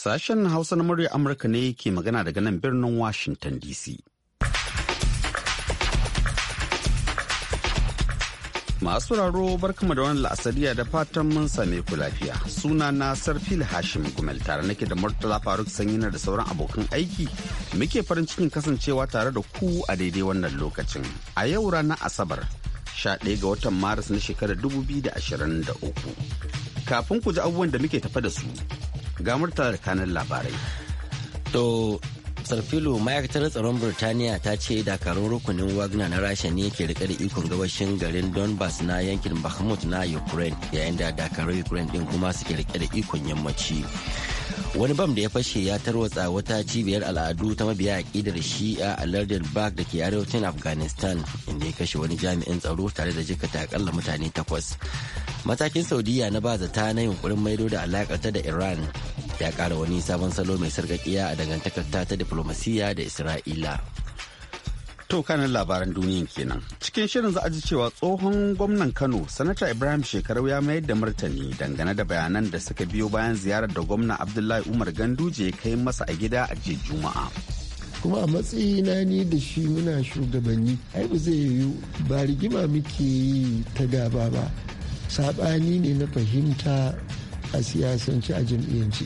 Sashen Hausa na murya Amurka ne ke magana daga nan birnin Washington DC. Masu raro barkama da wani la'asariya da fatan mun same ku lafiya. Suna na Sarfil Hashim Gumel tare nake da Murtala Faruk Sanyina da sauran abokan aiki muke farin cikin kasancewa tare da ku a daidai wannan lokacin. A yau ranar Asabar Sha ɗaya ga watan Maris na shekarar 2023. Kafin ku ji abubuwan da muke tafa da su, ga murtala da kanan labarai. To sarfilo ma'aikatar tsaron Birtaniya ta ce dakarun rukunin Wagner na Rasha ne ke rike da ikon gabashin garin Donbass na yankin Bakhmut na Ukraine yayin da dakarun Ukraine din kuma suke rike da ikon yammaci. Wani bam da ya fashe ya tarwatsa wata cibiyar al'adu ta mabiya aƙidar shi'a a lardin Bak da ke arewacin Afghanistan inda ya kashe wani jami'in tsaro tare da jikata akalla mutane takwas. Matakin Saudiya na ba zata na yunkurin maido da alakata da Iran ya kara wani sabon salo mai sarkakiya a dangantakar ta ta diflomasiyya da isra'ila to kanin labaran duniyan kenan cikin shirin za a ji cewa tsohon gwamnan kano sanata ibrahim shekarau ya mayar da martani dangane da bayanan da suka biyo bayan ziyarar da gwamna abdullahi umar ganduje ya kai masa a gida a jiya juma'a kuma a matsayina ni da shi muna shugabanni ai ba zai yiwu ba rigima muke yi ta gaba ba saɓani ne na fahimta a siyasance a jam'iyyance.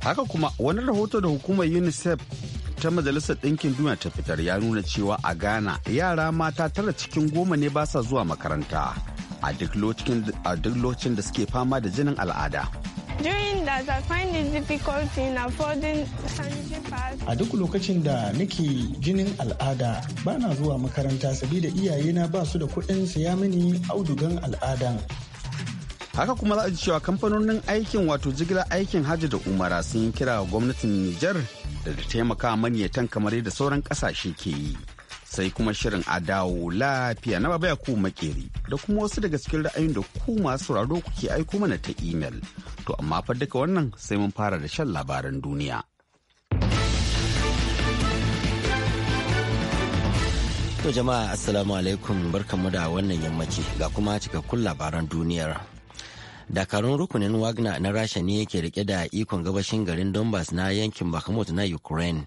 haka kuma wani rahoto da hukumar unicef ta majalisar ɗinkin duniya ta fitar ya nuna cewa a ghana yara mata tara cikin goma ne ba sa zuwa makaranta a duk lokacin da suke fama da jinin al'ada A duk lokacin da nake jinin al'ada ba na zuwa makaranta sabida iyayena ba su da kuɗin saya mini audugan al'adan haka kuma za a ji cewa kamfanonin aikin wato jigilar aikin hajji da umara sun yi kira gwamnatin nijar da ta taimaka maniyatan kamar yadda sauran kasashe ke yi sai kuma shirin a dawo lafiya na babaya ku makeri da kuma wasu daga cikin ra'ayin da ku masu sauraro kuke aiko mana ta imel to amma fa duka wannan sai mun fara da shan labaran duniya To jama'a assalamu alaikum barkanmu da wannan yammaci ga kuma cikakkun labaran duniyar dakarun rukunin wagner na rasha ne yake rike da ikon gabashin garin donbass na yankin bakamot na ukraine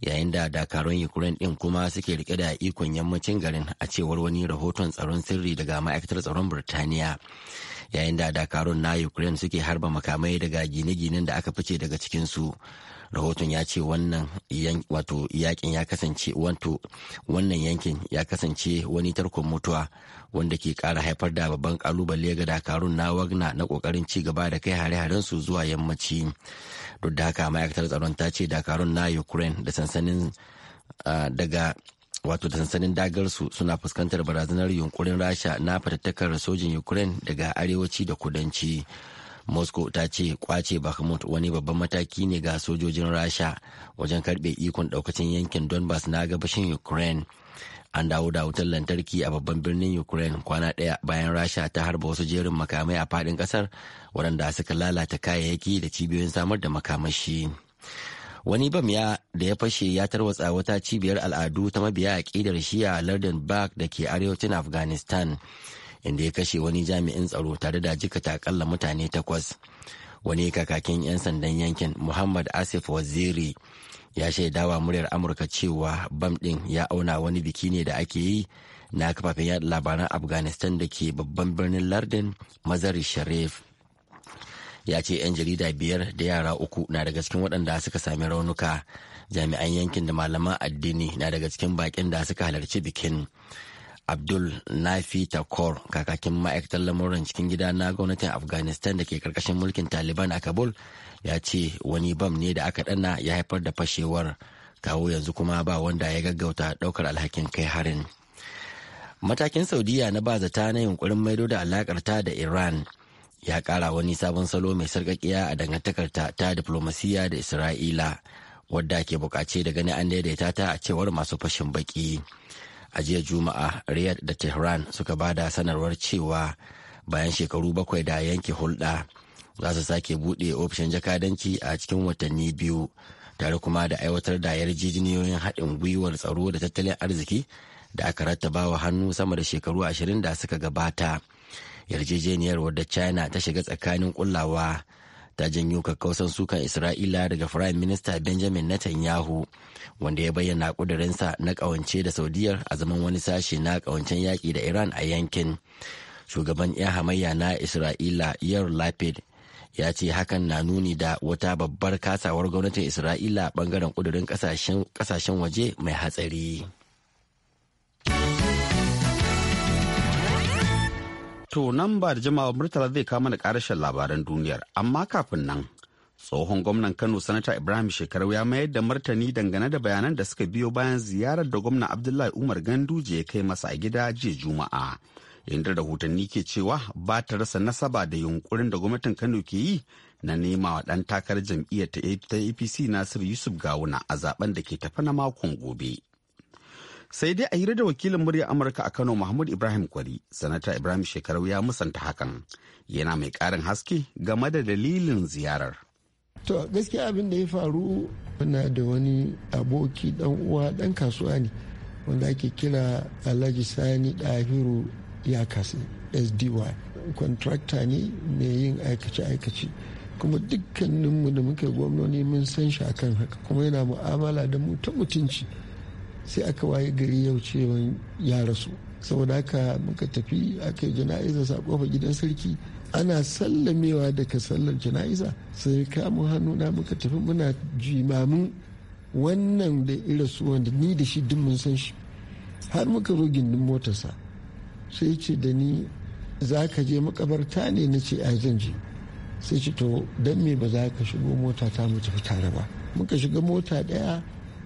yayin da dakarun ukraine din kuma suke rike da ikon yammacin garin a cewar wani rahoton tsaron sirri daga ma'aikatar tsaron birtaniya yayin da dakarun na ukraine suke harba makamai daga gine-ginen da aka fice daga cikinsu rahoton ya ce wannan wato yakin ya kasance wato wannan yankin ya kasance wani tarkon mutuwa wanda ke kara haifar da babban kalubale ga dakarun na wagna na kokarin ci gaba da kai hare-haren su zuwa yammaci duk da haka ma'aikatar tsaron ta ce dakarun na ukraine da sansanin daga wato da sansanin dagarsu suna fuskantar barazanar yunkurin rasha na fatattakar sojin ukraine daga arewaci da kudanci moscow ta ce kwace bakhmut wani babban mataki ne ga sojojin rasha wajen karbe ikon daukacin yankin donbas na gabashin ukraine an dawo da wutar lantarki a babban birnin ukraine kwana ɗaya bayan rasha ta harba wasu jerin makamai a faɗin ƙasar waɗanda suka lalata kayayyaki da cibiyoyin samar da makamashi wani bam ya da ya fashe ya tarwatsa wata cibiyar al'adu ta mabiya a ƙidar shiya lardin bak da ke arewacin afghanistan inda ya kashe wani jami'in tsaro tare da jika takalla mutane takwas wani kakakin 'yan sandan yankin muhammad asif waziri ya shaidawa muryar amurka cewa bam ɗin ya auna wani biki ne da ake yi na kafafen yada labaran afghanistan da ke babban birnin lardin mazari sharif ya ce 'yan jarida biyar da yara uku na daga cikin waɗanda suka sami raunuka jami'an yankin da malaman addini na daga cikin bakin da suka halarci bikin abdul nafi takor kakakin ma'aikatar lamuran cikin gida na gwamnatin afghanistan da ke karkashin mulkin taliban a kabul ya ce wani bam ne da aka dana ya haifar da fashewar kawo yanzu kuma ba wanda ya gaggauta daukar alhakin kai harin matakin saudiya na ba zata na yunkurin maido da alakar da iran ya kara wani sabon salo mai sarkakiya a dangantakarta ta diplomasiya da isra'ila wadda ke bukace da gani an daidaita ta a cewar masu fashin baki a jiya juma'a riyad da tehran suka ba da sanarwar cewa bayan shekaru bakwai da yanke hulɗa za su sake buɗe ofishin jakadanci a cikin watanni biyu tare kuma da aiwatar da yarjejeniyoyin haɗin gwiwar tsaro da tattalin arziki da aka rattaba wa hannu sama da shekaru ashirin da suka gabata yarjejeniyar wadda china ta shiga tsakanin kullawa ta janyo kakkausan sukan Isra'ila daga Firayim Minista Benjamin Netanyahu wanda ya bayyana ƙudurinsa na ƙawance da Saudiyar a zaman wani sashe na ƙawancen yaƙi da Iran a yankin. Shugaban 'yan hamayya na Isra'ila yar Lapid ya ce hakan na nuni da wata babbar kasawar gwamnatin Isra'ila bangaren ƙudurin ƙasashen waje mai hatsari. To nan ba da jama'a Murtala zai kama da karashen labaran duniyar, amma kafin nan tsohon gwamnan Kano sanata Ibrahim Shekarau ya mayar da martani dangane da bayanan da suka biyo bayan ziyarar da gwamna Abdullahi Umar gandu je ya kai masa a gida jiya Juma'a. Inda rahotanni ke cewa ba ta rasa nasaba da yunkurin da gwamnatin Kano ke yi na nema wa ɗan takarar jam'iyyar ta APC Nasiru Yusuf Gawuna a zaben da ke tafa na makon gobe. sai dai a hira da wakilin murya amurka a kano mahmud ibrahim kwari sanata ibrahim shekarau ya musanta hakan yana mai karin haske game da dalilin ziyarar to gaskiya abin da ya faru na da wani aboki dan uwa dan kasuwa ne wanda ake kira alhaji sani dahiru ya kasi sdy kontrakta ne mai yin aikace-aikace kuma dukkaninmu da muke gwamnoni mun san shi akan haka kuma yana mu'amala da mu ta mutunci sai aka waye gari yau cewa ya rasu saboda haka muka tafi aka yi jana'iza a kofar gidan sarki ana sallamewa daga sallar jana'iza sai kamun na muka tafi muna jimamin wannan da ira su wanda ni da shi duk mun san shi har muka zo gindin motarsa sai ce da ni za ka je makabarta ne na ce a zan je sai ce to don me ba za ka shigo mota ta mu tafi tare ba muka shiga mota daya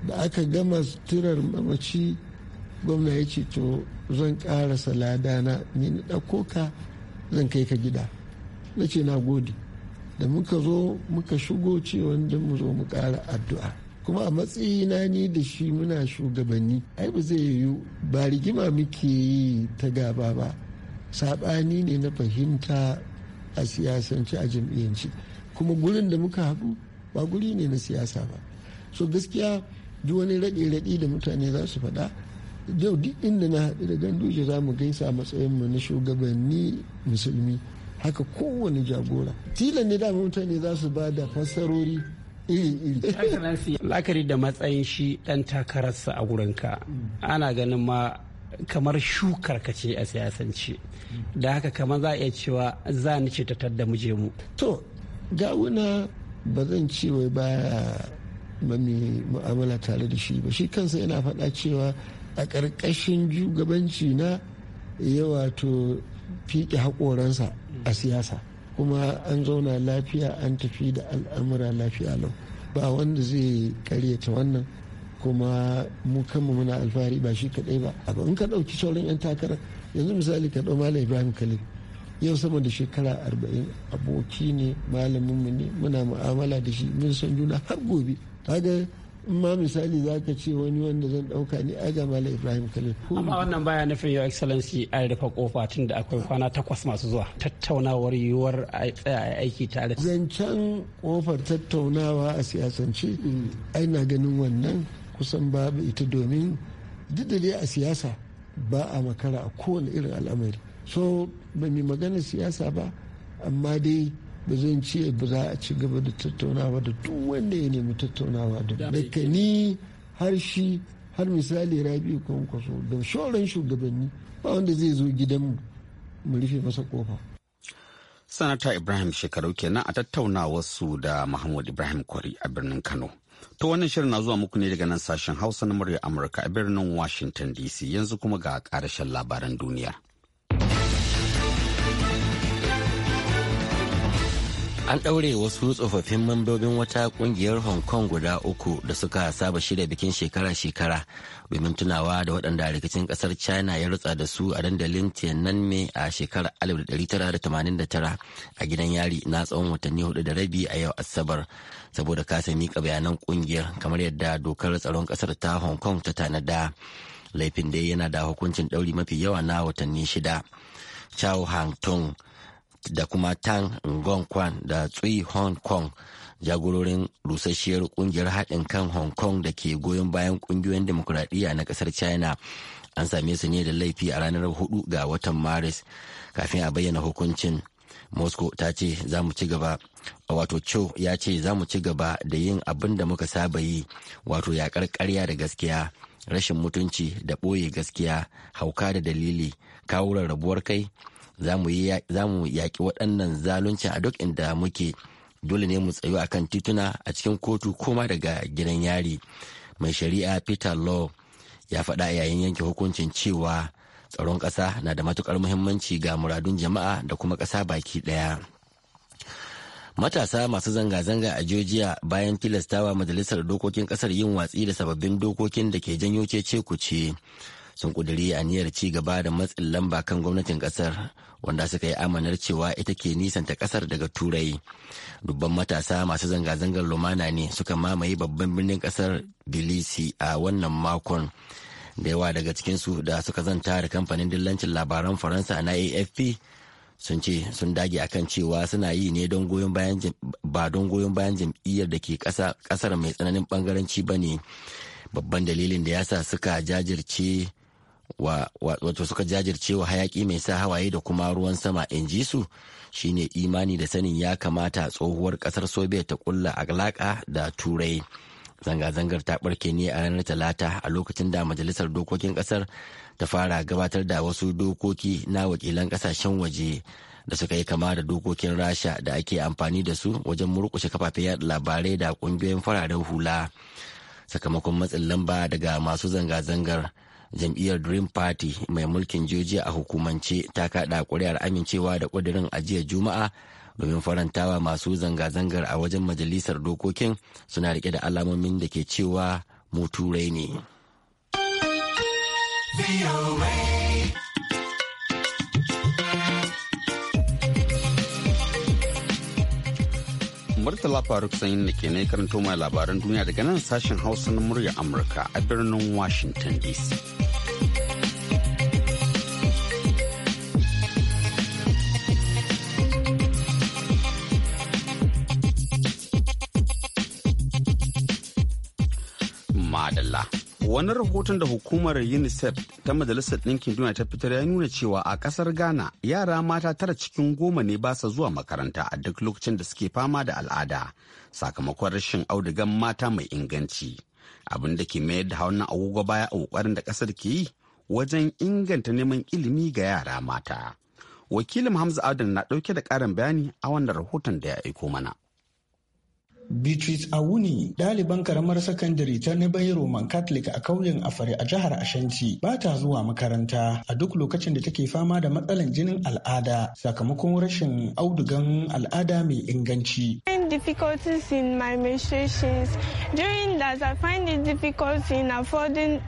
da aka gama suturar mamaci gwamna ya ce to zan ƙara salada na ni na ɗauko ka zan kai ka gida na ce na gode da muka zo muka shigo cewa da mu zo mu ƙara addu'a kuma a matsayina ni da shi muna shugabanni ai ba zai yiwu ba rigima muke yi ta gaba ba saɓani ne na fahimta a siyasance a jam'iyyanci kuma gurin da muka haɗu ba guri ne na siyasa ba so gaskiya duk wani raɗe-raɗe da mutane za su faɗa yau duk inda na haɗu da ganduje za mu gaisa matsayin mu na shugabanni musulmi haka kowane jagora tila ne dama mutane za su ba da fassarori iri-iri la'akari da matsayin shi ɗan takararsa a ka. ana ganin ma kamar shukar ka ce a siyasance da haka kamar za a iya cewa za ni ce ta tadda muje mu to gawuna ba zan ce wai baya ba mu'amala tare da shi ba shi kansa yana faɗa cewa a ƙarƙashin shugabanci na ya wato fiƙe haƙoransa a siyasa kuma an zauna lafiya an tafi da al'amura lafiya lau ba wanda zai karyata wannan kuma mu kanmu muna alfahari ba shi kaɗai ba in ka ɗauki sauran 'yan takarar yanzu misali ka ɗau malam ibrahim khalil yau sama da shekara arba'in aboki ne malaminmu ne muna mu'amala da shi mun san juna har gobe kaga ma misali za ka ce wani wanda zan ɗauka ne aga la ibrahim khalil amma wannan baya nufin your excellency a rufe kofa tun da akwai kwana takwas masu zuwa tattaunawar yiwuwar a tsaya aiki tare zancen kofar tattaunawa a siyasance mm. ai na ganin wannan kusan babu ita domin duk a siyasa ba a makara a kowane irin al'amari so ba mai magana siyasa ba amma dai ba zan ce ba za a ci gaba da tattaunawa da duk wanda ya nemi tattaunawa da daga ni har shi har misali rabi kwaso da shoran shugabanni ba wanda zai zo gidan mu rufe masa kofa sanata ibrahim shekaru kenan a tattaunawarsu da mahmud ibrahim kwari a birnin kano to wannan shirin na zuwa muku ne daga nan sashen hausa na murya amurka a birnin washington dc yanzu kuma ga karashen labaran duniya an ɗaure wasu tsofaffin mambobin wata ƙungiyar hong kong guda uku da suka saba shirya bikin shekara-shekara domin tunawa da waɗanda rikicin ƙasar china ya rutsa da su a dandalin tiananmen a shekarar 1989 a gidan yari na tsawon watanni hudu da rabi a yau asabar saboda kasa miƙa bayanan ƙungiyar kamar yadda dokar tsaron ƙasar ta hong kong ta tanada laifin dai yana da hukuncin ɗauri mafi yawa na watanni shida chao hang tong da kuma Tang kwan da Tsui Hong Kong jagororin rusasshiyar kungiyar haɗin kan Hong Kong da ke goyon bayan kungiyoyin demokuraɗiyya na ƙasar China an same su ne da laifi a ranar hudu ga watan Maris kafin a bayyana hukuncin. Moscow ta ce za mu ci gaba a wato Cho ya ce za mu ci gaba da yin abin da muka saba yi wato yakar karya da gaskiya rashin mutunci da ɓoye gaskiya hauka da dalili kawo rarrabuwar kai za mu yaƙi waɗannan zaluncin a duk inda muke dole ne mu tsayu a kan tituna a cikin kotu koma daga gidan yari mai shari'a peter law ya faɗa yayin yanke hukuncin cewa tsaron ƙasa na da matuƙar muhimmanci ga muradun jama'a da kuma ƙasa baki ɗaya matasa masu zanga-zanga a georgia bayan tilastawa majalisar dokokin ƙasar yin watsi da sababbin dokokin da ke janyo cece kuce sun ƙudiri aniyar ci gaba da matsin lamba kan gwamnatin kasar wanda suka yi amanar cewa ita ke nisanta kasar daga turai dubban matasa masu zanga-zangar lumana ne suka mamaye babban birnin kasar bilisi a wannan makon da yawa daga cikinsu da suka zanta da kamfanin dillancin labaran faransa na afp sun ce sun dage akan cewa suna yi ne ba don goyon bayan jam'iyyar da ke kasar mai tsananin bangaranci ba ne babban dalilin da ya sa suka jajirce wato suka jajircewa hayaki mai sa hawaye da kuma ruwan sama in ji su shine imani da sanin ya kamata tsohuwar kasar soviet ta kulla alaka da turai zanga-zangar ta barke ne a ranar talata a lokacin da majalisar dokokin kasar ta fara gabatar da wasu dokoki na wakilan kasashen waje da suka yi kama da dokokin rasha da ake amfani da su wajen murkushe kafafen yada labarai da kungiyoyin fararen hula sakamakon matsin lamba daga masu zanga-zangar jam'iyyar dream party mai mulkin jojiya a hukumance ta kada kuri'ar amincewa da kudirin ajiya juma'a domin farantawa masu zanga-zangar a wajen majalisar dokokin suna rike da alamomin da ke cewa mu turai ne. Murtala Faruk Sanyin da ke ne karanto mai labaran duniya daga nan sashen Hausa na murya Amurka a birnin Washington DC. wani rahoton da hukumar unicef ta majalisar ɗinkin duniya ta fitar ya nuna cewa a ƙasar ghana yara mata tara cikin goma ne ba sa zuwa makaranta a duk lokacin da suke fama da al'ada sakamakon rashin audugan mata mai inganci abin da ke mayar da hawan agogo baya a ƙoƙarin da ƙasar ke yi wajen inganta neman ilimi ga yara mata wakilin hamza adam na ɗauke da ƙarin bayani a wannan rahoton da ya aiko mana Beatrice Awuni, ɗaliban karamar sakandare ta Nibai Roman Catholic a kauyen Afare a jihar Ashanti, ba ta zuwa makaranta a duk lokacin da take fama da matsalan jinin al'ada sakamakon rashin audugan al'ada mai inganci. difficulties in my menstruations. During that, I find it difficult in affording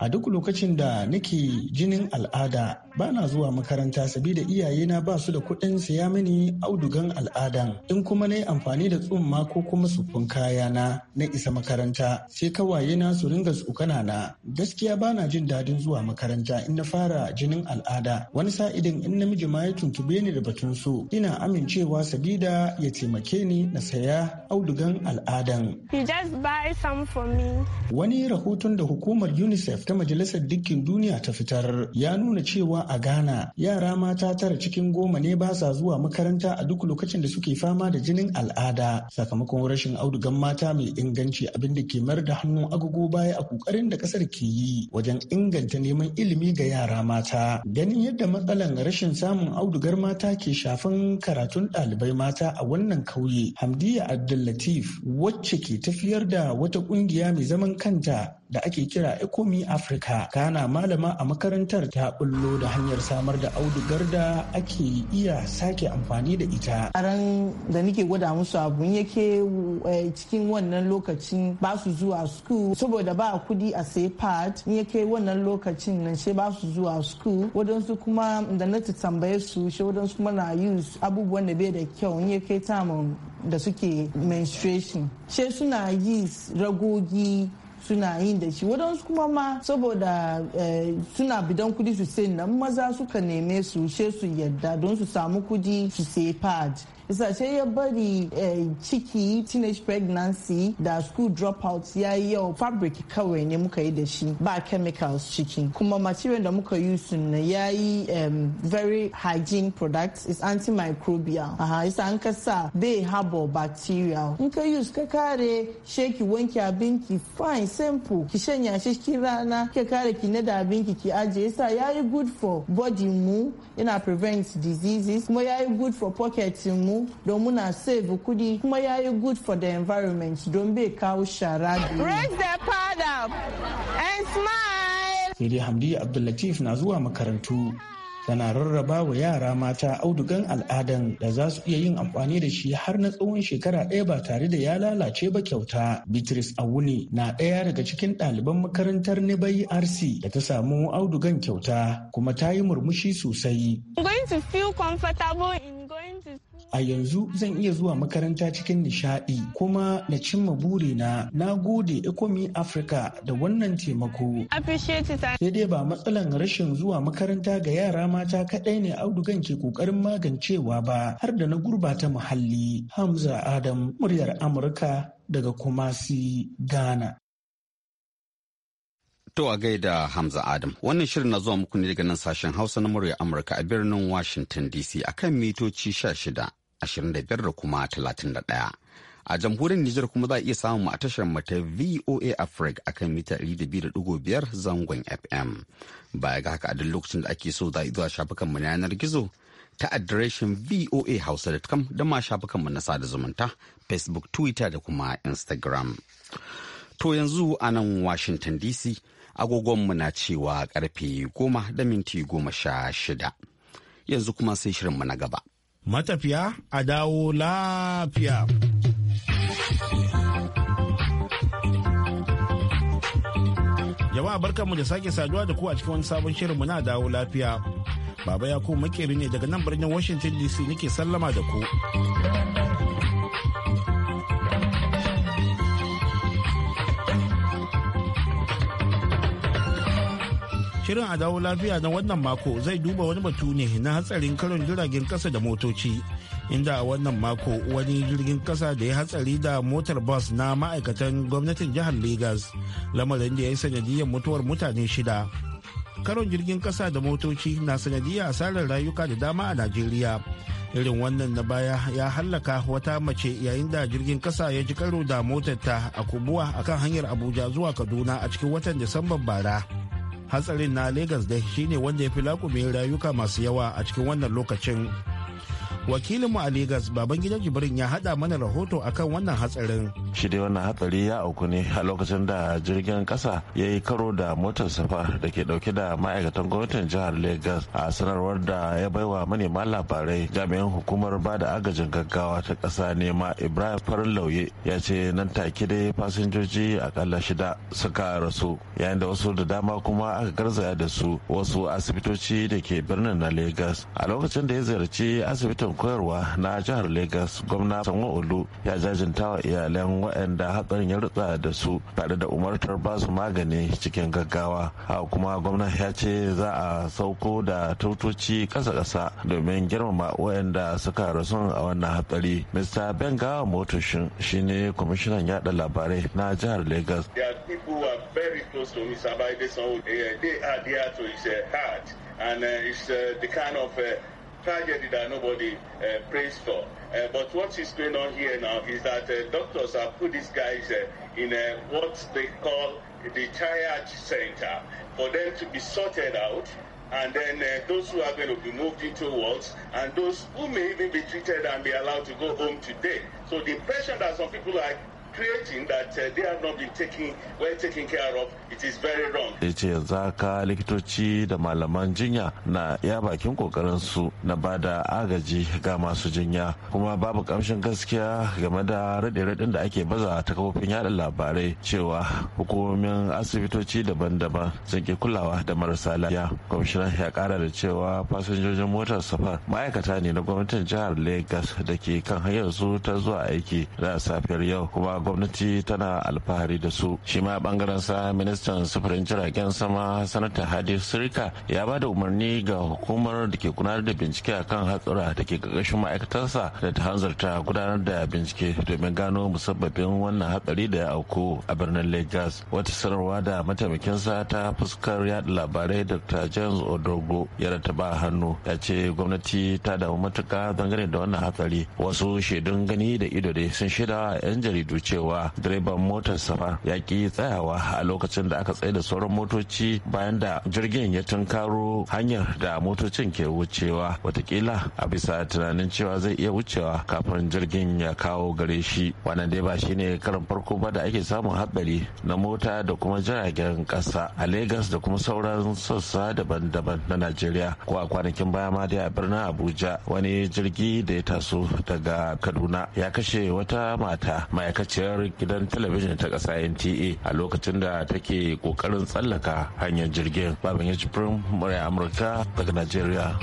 A duk lokacin da nake jinin al'ada ba na zuwa makaranta sabida iyayena ba su da kuɗin siya mini audugan al'adan. In kuma na yi amfani da tsumma ko kuma sufin kayana na isa makaranta sai na su ringa tsokana na. Gaskiya ba na jin daɗin zuwa makaranta in na fara jinin al'ada. Wani sa'idin in namiji ma ya tuntube ni da batun so ina amincewa sabida ya taimake ni na saya audugan al'adan. Wani rahoton da hukumar UNICEF ta Majalisar Dukkin Duniya ta fitar ya nuna cewa a Ghana yara mata tara cikin goma ne ba sa zuwa makaranta a duk lokacin da suke fama da jinin al'ada sakamakon rashin audugan mata mai inganci abin da ke mayar da hannun agogo baya a kokarin da kasar ke yi wajen inganta neman ilimi ga yara mata. Ganin yadda matsalan rashin samun audugar mata ke shafan karatun ɗalibai mata a wannan kauye, Hamdiya Abdullatif wacce ke tafiyar da wata ƙungiya mai zaman kanta da ake kira Ecomi Africa. Kana malama a makarantar ta bullo da hanyar samar da audugar da ake iya sake amfani da ita. Aran da nake gwada musu abun yake eh, cikin wannan lokacin ba su zuwa school saboda ba kudi a sai pad in yake wannan lokacin nan she ba su zuwa school wadansu kuma da na tambaye su she wadansu kuma na use abubuwan da bai da kyau in yake tamun da suke menstruation she suna yi ragogi suna yin da shi wadansu kuma ma saboda eh, suna bidan kudi su sai nan maza suka neme su she su yadda don su samu kudi su sai pad zace ya bari eh, ciki teenage pregnancy da school dropouts ya yi yawa fabric kawai ne muka yi da shi ba chemicals ciki kuma material da muka yi sun na ya yi very hygiene product is antimicrobial aha isa an kasa bai harbor bacteria in ka use ka kare sheki wanke abinki fine simple ki shanya shi ki rana ki kare ki na da abinki ki ajiye sa ya yi good for body mu ina prevent diseases kuma ya yi good for pocket mu mu don muna save kudi kuma ya yi good for the environment don bai kawo shara raise the pad up and smile sai dai hamdi abdullatif na zuwa makarantu tana rarraba wa yara mata audugan al'adan da za su iya yin amfani da shi har na tsawon shekara ɗaya ba tare da ya lalace ba kyauta. Beatrice Awuni na ɗaya daga cikin ɗaliban makarantar Nibai RC da ta samu audugan kyauta kuma ta yi murmushi sosai. I'm going in A yanzu zan iya zuwa makaranta cikin nishaɗi, kuma na cimma burina na gode Ecomi Africa da wannan taimako. Sai dai ba matsalan rashin zuwa makaranta ga yara mata kaɗai ne audugan ke ƙoƙarin magancewa ba har da na gurbata muhalli. Hamza Adam muryar Amurka daga Kumasi, Ghana. To a gaida Hamza Adam. Wannan shirin na zuwa muku ne daga nan sashen Hausa na murya Amurka a birnin Washington DC a kan mitoci 16, da kuma 31. A jamhuriyar Nijar kuma za a iya samun a tashar mata VOA Africa kan mita 200.5 zangon FM. Baya ga haka a duk lokacin da ake so za a zuwa shafukan mu na yanar gizo ta adireshin VOA Hausa.com da ma shafukan mu na sada zumunta Facebook, Twitter da kuma Instagram. To yanzu a nan Washington DC agogonmu na cewa karfe goma da minti goma sha shida yanzu kuma sai shirinmu na gaba matafiya a dawo lafiya jama'a barkanmu da sake saduwa da ku a cikin wani sabon shirinmu na dawo lafiya baba ya ku makeri ne daga nan birnin washington dc nake sallama da ku Shirin a dawo lafiya na wannan mako zai duba wani batu ne na hatsarin karin jiragen kasa da motoci. Inda a wannan mako wani jirgin kasa da ya hatsari da motar bus na ma'aikatan gwamnatin jihar Legas lamarin da ya yi sanadiyar mutuwar mutane shida. Karon jirgin kasa da motoci na sanadiyar asarar rayuka da dama a Najeriya. irin wannan na baya ya hallaka wata mace yayin da jirgin kasa ya ji karo da motar ta a kubuwa akan hanyar abuja zuwa kaduna a cikin watan disamban bara hatsarin na legas da shine wanda ya fi lakumi rayuka masu yawa a cikin wannan lokacin wakilinmu a legas baban gidan jibrin ya haɗa mana rahoto akan wannan hatsarin shi dai wannan hatsari ya auku ne a lokacin da jirgin kasa ya yi karo da motar safa da ke dauke da ma'aikatan gwamnatin jihar lagos a sanarwar da ya baiwa manema labarai jami'an hukumar ba da agajin gaggawa ta kasa nema ibrahim farin lauye ya ce nan take dai fasinjoji akalla shida suka rasu yayin da wasu da dama kuma aka garzaya da su wasu asibitoci da ke birnin na lagos a lokacin da ya ziyarci asibitin koyarwa na jihar lagos gwamna sanwo olu ya jajinta wa iyalan waɗanda hatsarin ya rutsa da su tare da umartar ba su magani cikin gaggawa a kuma gwamnan ya ce za a sauko da tutoci ƙasa-ƙasa domin girmama waɗanda suka rasu a wannan hatsari mr benga motoshin shine kwamishinan yada labarai na jihar lagos eh, eh, and uh, it's uh, the kind of uh, tragedy that nobody uh, prays for. Uh, but what is going on here now is that uh, doctors have put these guys uh, in uh, what they call the triage center for them to be sorted out. And then uh, those who are going to be moved into wards, and those who may even be treated and be allowed to go home today. So the impression that some people are creating that uh, they ya yanzu haka likitoci da malaman jinya na ya bakin kokarin su na bada agaji ga masu jinya kuma babu kamshin gaskiya game da rade raɗin da ake baza ta kafofin yada labarai cewa hukumomin asibitoci daban-daban sun ki kulawa da marasa lafiya kwamishinan ya kara da cewa fasinjojin motar safar ma'aikata ne na gwamnatin jihar lagos da ke kan hanyar su ta zuwa aiki da safiyar yau kuma gwamnati tana alfahari da su shi ma bangaren sa ministan sufurin jiragen sama sanata hadi sirika ya ba da umarni ga hukumar da ke gudanar da bincike a kan hatsura da ke ƙarƙashin ma'aikatarsa da ta hanzarta gudanar da bincike domin gano musabbabin wannan hatsari da ya auku a birnin lagos wata sanarwa da mataimakinsa ta fuskar yada labarai dr james odogo ya ba hannu ya ce gwamnati ta damu matuka dangane da wannan hatsari wasu shaidun gani da ido dai sun shaida 'yan jaridu ce cewa direban motar ba ya ki tsayawa a lokacin da aka tsaye da sauran motoci bayan da jirgin ya tunkaro hanyar da motocin ke wucewa watakila a bisa tunanin cewa zai iya wucewa kafin jirgin ya kawo gare shi wannan dai ba shine karin farko ba da ake samun haɗari na mota da kuma jiragen ƙasa a lagos da kuma sauran sassa daban-daban na najeriya ko a kwanakin baya ma dai a birnin abuja wani jirgi da ya taso daga kaduna ya kashe wata mata ma'aikaciyar tashar gidan talabijin ta ƙasa nta a lokacin da take ƙoƙarin tsallaka hanyar jirgin babin ya murai amurka daga najeriya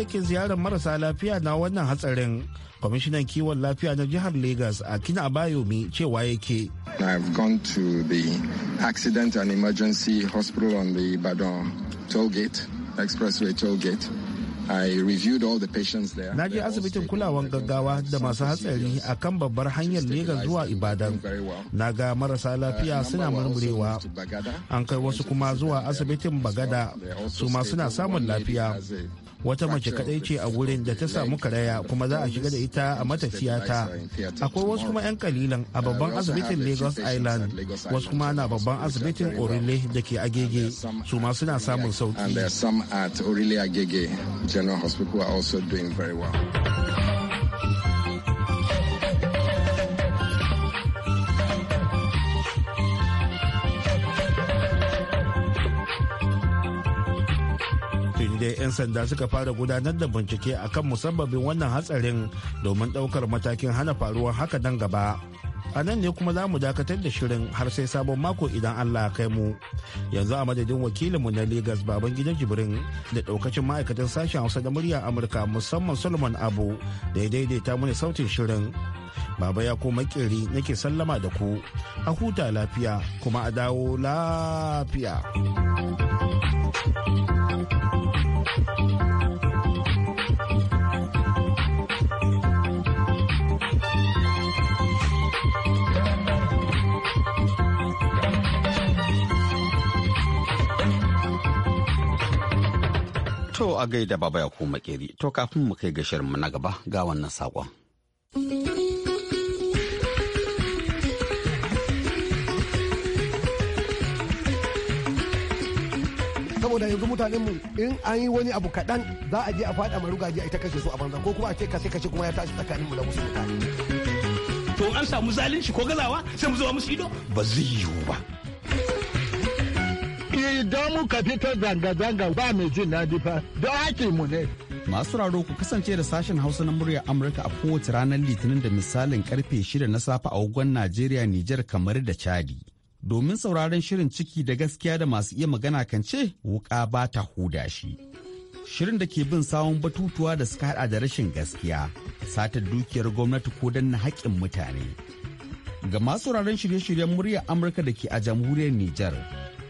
da ke ziyarar marasa lafiya na wannan hatsarin kwamishinan kiwon lafiya na jihar lagos a kina abayomi cewa yake I've to the accident and emergency hospital on the Badon Na je asibitin kulawan gaggawa da masu hatsari a kan babbar hanyar Legas zuwa Ibadan. Na ga marasa uh, lafiya suna murmurewa. An kai wasu kuma zuwa asibitin Bagada su ma suna samun lafiya. wata mace kadai ce a wurin da ta samu karaya kuma za a shiga da ita a mata tiyata akwai wasu kuma 'yan kalilan a uh, babban asibitin lagos island wasu kuma na babban asibitin orile da ke agege su ma suna samun sauki 'yan sanda suka fara gudanar da bincike a kan musabbabin wannan hatsarin domin ɗaukar matakin hana faruwar haka nan gaba. a nan ne kuma za mu dakatar da shirin har sai sabon mako idan Allah kai mu yanzu a madadin wakilinmu na Legas baban gidan jibrin da ɗaukacin ma'aikatan sashen hausa da murya amurka musamman solomon abu da ya daidaita mini sautin shirin baba ya koma kiri nake sallama da ku a huta lafiya kuma a dawo lafiya a gaida baba ya kuma makeri to kafin mu kai ga mu na gaba ga wannan sakon. saboda yanzu mutanen mu in an yi wani abu kaɗan za a je a faɗa marugaji a ita kashe su a banza ko kuma a ce kashe kashe kuma ya tashi tsakanin mu da musu mutane. to an samu zalunci ko gazawa sai mu zama musu ido ba zai yiwu ba. yi don muka fita zanga-zanga ba mai jin daɗi fa don haƙi mu ne. Masu raro ku kasance da sashen Hausa na muryar Amurka a kowace ranar Litinin da misalin karfe shida na safe a wagon Najeriya, Nijar, kamar da Chadi. Domin sauraron shirin ciki da gaskiya da masu iya magana kan ce wuƙa ba ta huda shi. Shirin da ke bin sawun batutuwa da suka hada da rashin gaskiya, satar dukiyar gwamnati ko danna haƙƙin mutane. Ga masu sauraron shirye-shiryen muryar Amurka da ke a jamhuriyar Nijar,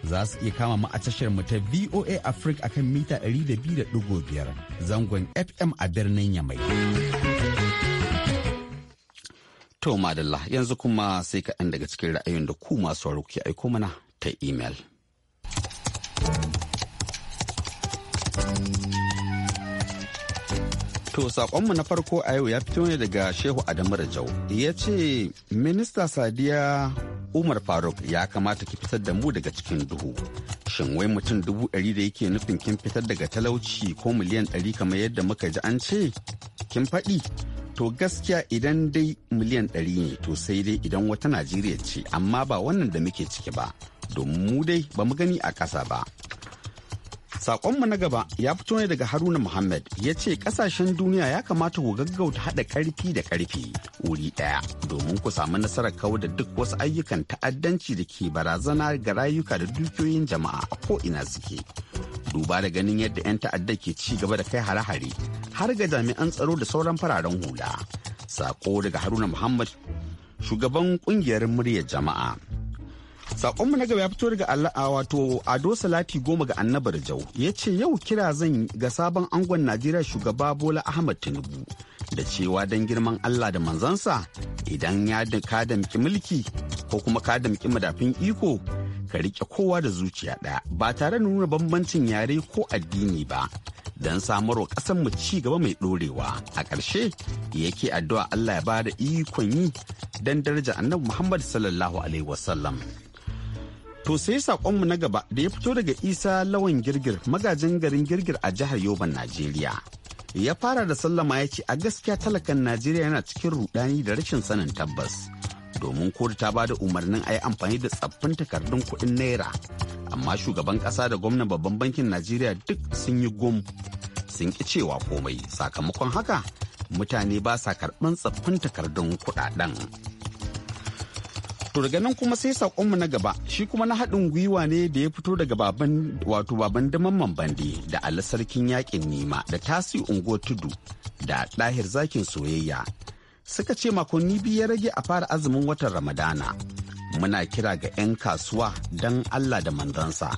za su iya kama mu a tashar mu ta VOA Africa akan mita 200.5 zangon FM a birnin Yamai. To madalla yanzu kuma sai kaɗan daga cikin ra'ayin da ku masu sauraro ke aiko mana ta email. To saƙonmu na farko a yau ya fito ne daga Shehu Adamu Rajau. Ya ce, Minista Sadiya Umar Faruk ya kamata ki fitar da mu daga cikin duhu. Shin wai mutum dubu ɗari da yake nufin kin fitar daga talauci ko miliyan ɗari kamar yadda muka ji an ce? Kin faɗi? To gaskiya idan dai miliyan ɗari ne to sai dai idan wata Najeriya ce amma ba wannan da muke ciki ba. Domin mu dai ba mu gani a ƙasa ba. Sakonmu na gaba ya fito ne daga Haruna Muhammad ya ce kasashen duniya ya kamata ku gaggauta haɗa ƙarfi da ƙarfi wuri ɗaya domin ku samu nasarar kawo da duk wasu ayyukan ta'addanci da ke barazana ga rayuka da dukiyoyin jama'a a ko'ina suke. Duba da ganin yadda 'yan ta'adda ke ci gaba da kai hare-hare har ga jami'an tsaro da sauran fararen hula. Sako daga Haruna Muhammad shugaban kungiyar muryar jama'a. Sakonmu na gaba ya fito daga Allah wato Ado Salati goma ga Annabar Jau ya ce yau kira zan ga sabon angon Najeriya shugaba Bola Ahmad Tinubu da cewa don girman Allah da manzansa idan ya ka damki mulki ko kuma ka damki madafin iko ka riƙe kowa da zuciya ɗaya ba tare da nuna bambancin yare ko addini ba don samarwa mu ci gaba mai ɗorewa a ƙarshe yake addu'a Allah ya bada ikon yi don daraja annabi Muhammad sallallahu alaihi wasallam. To sai saƙonmu na gaba da ya fito daga Isa Lawan Girgir magajin garin Girgir a jihar Yoban Najeriya. Ya fara da sallama ya ce a gaskiya talakan Najeriya yana cikin rudani da rashin sanin tabbas. Domin kotu ta ba da umarnin a yi amfani da tsaffin takardun kuɗin naira. Amma shugaban ƙasa da gwamnan babban bankin Najeriya duk sun yi gum sun ƙi cewa komai sakamakon haka mutane ba sa karɓan tsaffin takardun kuɗaɗen. To daga nan kuma sai saƙonmu na gaba shi kuma na haɗin gwiwa ne da ya fito daga baban wato baban daman bande da ala sarkin yakin nema da tasi ungo tudu da ɗahir zakin soyayya suka ce makonni biyu ya rage a fara azumin watan ramadana muna kira ga 'yan kasuwa don allah da manzansa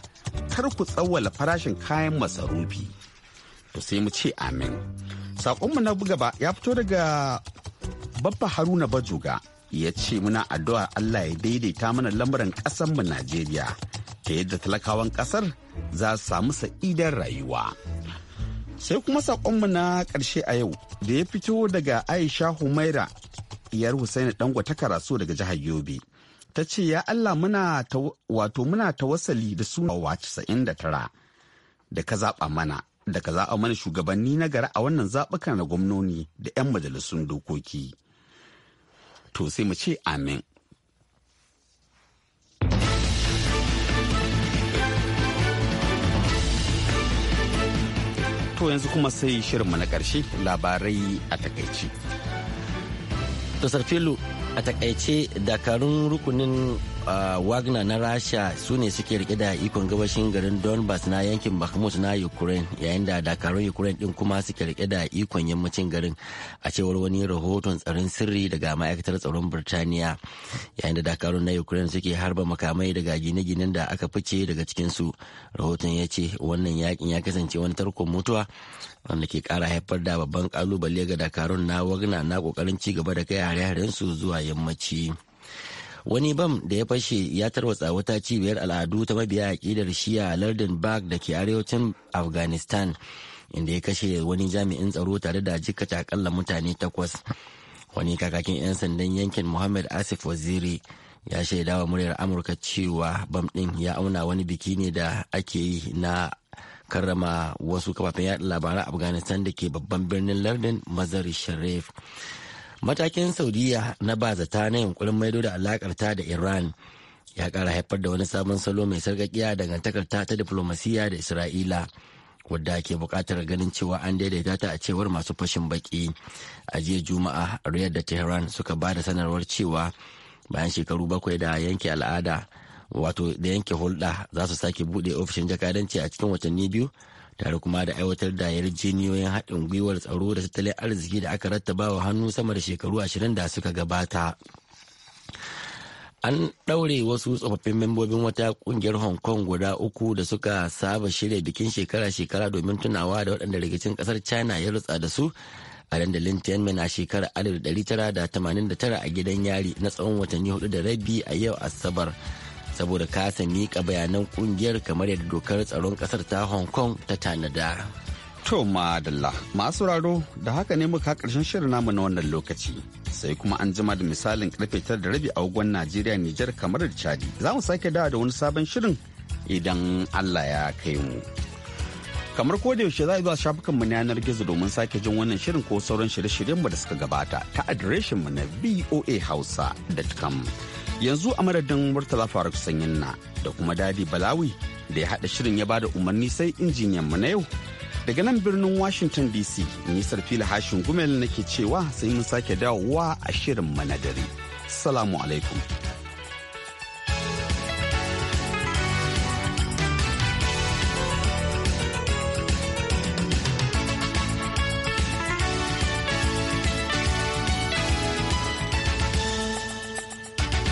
kar ku tsawwala farashin kayan masarufi to sai mu ce amin saƙonmu na gaba ya fito daga babba haruna bajuga ya ce muna addu'ar Allah ya daidaita mana lamuran mu Najeriya ta yadda talakawan ƙasar za su samu sa'idar rayuwa. Sai kuma saƙonmu na ƙarshe a yau da ya fito daga Aisha Humaira iyar Husaini Dangwa ta karaso daga jihar Yobe. Ta ce ya Allah muna wato muna tawassali da sunawa 99 da tara ka zaɓa mana da ka zaɓa mana shugabanni na a wannan zaɓukan na gwamnoni da 'yan majalisun dokoki. to sai mu ce amin. To yanzu kuma sai shirinmu na ƙarshe labarai a takaici. To Sarfilu a takaice dakarun rukunin wagner na rasha su ne suke rike da ikon gabashin garin donbass na yankin bakhmut na ukraine yayin da dakarun ukraine din kuma suke rike da ikon yammacin garin a cewar wani rahoton tsarin sirri daga ma'aikatar tsaron birtaniya yayin da dakarun na ukraine suke harba makamai daga gine-ginen da aka fice daga cikinsu rahoton ya ce wannan yakin ya kasance wani tarkon mutuwa wanda ke kara haifar da babban kalubale ga dakarun na wagner na kokarin ci gaba da kai hare-harensu zuwa yammaci. wani bam da ya fashe ya tarwatsa wata cibiyar al'adu ta mabiya aƙidar shiya lardin bag da ke arewacin afghanistan inda ya kashe wani jami'in tsaro tare da jikata akalla mutane takwas wani kakakin 'yan sandan yankin muhammad asif waziri ya shaida wa muryar amurka cewa bam ɗin ya auna wani biki ne da ake yi na karrama wasu kafafen yaɗa labaran afghanistan da ke babban birnin lardin mazar sharif matakin saudiya na ba zata na yunkurin maido da alakar ta da iran ya kara haifar da wani sabon salo mai sarkakiya dangantakar ta ta diplomasiya da isra'ila wadda ke bukatar ganin cewa an daidaita ta a cewar masu fashin baki a jiya juma'a riyar da tehran suka ba da sanarwar cewa bayan shekaru bakwai da yanke al'ada wato da yanke hulɗa za su sake buɗe ofishin jakadanci a cikin watanni biyu tare kuma da aiwatar da yarjejeniyoyin haɗin gwiwar tsaro da tattalin arziki da aka rattaba wa hannu sama da shekaru ashirin da suka gabata an ɗaure wasu tsofaffin membobin wata ƙungiyar hong kong guda uku da suka saba shirya bikin shekara-shekara domin tunawa da waɗanda rikicin ƙasar china ya rutsa da su a dandalin tiananmen a shekarar 1989 a gidan yari na tsawon watanni hudu da rabi a yau asabar saboda kasa miƙa bayanan kungiyar kamar yadda dokar tsaron kasar ta hong kong ta tanada to madalla masu raro da haka ne muka karshen shirin namu na wannan lokaci sai kuma an jima da misalin karfe tara da rabi a wagon najeriya nijar kamar da chadi za mu sake dawa da wani sabon shirin idan allah ya kai mu kamar ko da yaushe za a zuwa shafukan mu na yanar gizo domin sake jin wannan shirin ko sauran shirye-shiryen mu da suka gabata ta adireshin mu na hausa.com yanzu a madadin murtala faruk sanyin na da kuma dadi balawi da ya haɗa shirin ya bada umarni sai injiniyan mu na yau daga nan birnin washington dc nisar fila hashin gumel nake cewa sai mun sake dawowa a shirin manadari na salamu alaikum